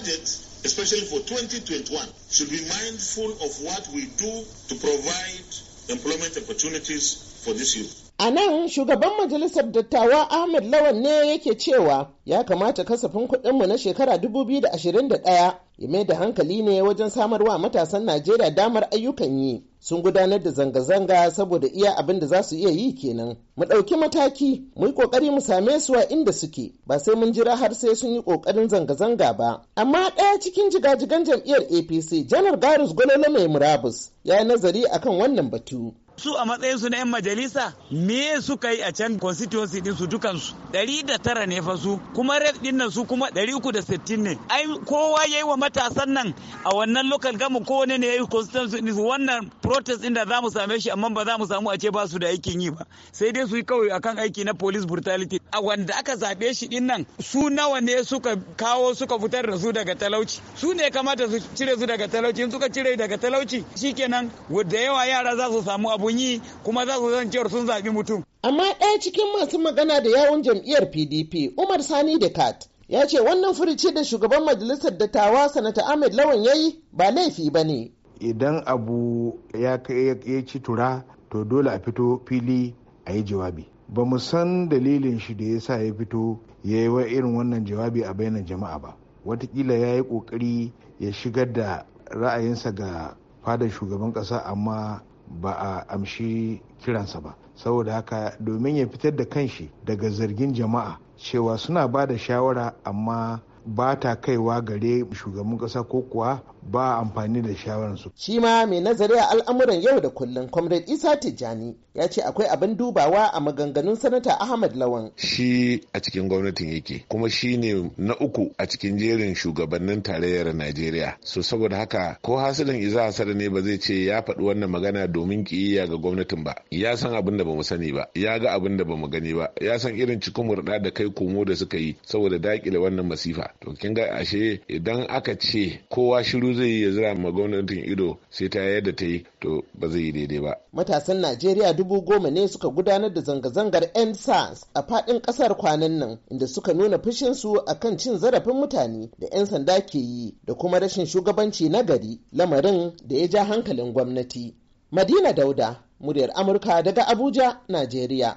budget, especially for 2021, should be mindful of what we do to provide employment opportunities for this youth. A nan shugaban majalisar dattawa Ahmed Lawan ne yake cewa ya kamata kasafin kuɗinmu na shekara 2021 ya mai da hankali ne wajen samarwa matasan Najeriya damar ayyukan yi. sun gudanar da zanga-zanga saboda iya abin da za su iya yi kenan mu ɗauki mataki mu yi ƙoƙari mu same su a inda suke ba sai mun jira har sai sun yi ƙoƙarin zanga-zanga ba amma ɗaya cikin jiga-jigan jam'iyyar apc janar garus gololo mai murabus ya yi nazari akan wannan batu su a matsayin su na 'yan majalisa me suka yi a can constituency din su dukansu ɗari da tara ne fa su kuma rep din nan su kuma ɗari uku da sittin ne ai kowa ya yi wa matasan nan a wannan local gamu kowane ne ya yi constituency din su wannan protest din da za mu same shi amma ba za mu samu a ce ba su da aikin yi ba sai dai su yi kawai akan aiki na police brutality a wanda aka zabe shi din nan su nawa ne suka kawo suka fitar da su daga talauci su ne kamata su cire su daga talauci in suka cire daga talauci shikenan da yawa yara za su samu abu abun yi kuma za su zan sun zaɓi mutum. Amma ɗaya cikin masu magana da yawon jam'iyyar PDP Umar Sani da Kat ya ce wannan furici da shugaban majalisar dattawa sanata Ahmed Lawan ya yi, ba laifi ba ne. Idan abu ya kai ya ci tura to dole a fito fili a yi jawabi. Ba mu san dalilin shi da ya sa ya fito ya yi wa irin wannan jawabi a bainar jama'a ba. Wataƙila ya yi ƙoƙari ya shigar da ra'ayinsa ga fadar shugaban kasa amma ba a amshi kiransa ba saboda haka domin ya fitar da kanshi daga zargin jama'a cewa suna ba da shawara amma ba ta kaiwa gare shugaban kasa ko kuwa ba amfani da shawararsu. Shi ma mai nazari a al'amuran yau da kullum Comrade Isa Tijjani ya ce akwai abin dubawa a maganganun Sanata Ahmad Lawan. Shi a cikin gwamnatin yake kuma shi ne na uku a cikin jerin shugabannin tarayyar Najeriya. So saboda haka ko hasilin Iza a ne ba zai ce ya faɗi wannan magana domin kiyaye ga gwamnatin ba. Ya san abin da bamu sani ba, ya ga abin da bamu gani ba, ya san irin cikin murɗa da kai komo da suka yi saboda daƙile wannan masifa. To kin ga ashe idan aka ce kowa shiru zai yi ya zira ma gwamnatin ido sai ta yadda ta yi to ba zai yi daidai ba. Matasan Najeriya dubu goma ne suka gudanar da zanga-zangar NSAS a faɗin ƙasar kwanan nan inda suka nuna fushinsu a kan cin zarafin mutane da 'yan sanda ke yi da kuma rashin shugabanci na gari lamarin da ya ja hankalin gwamnati. Madina Dauda, muryar Amurka daga Abuja, Najeriya.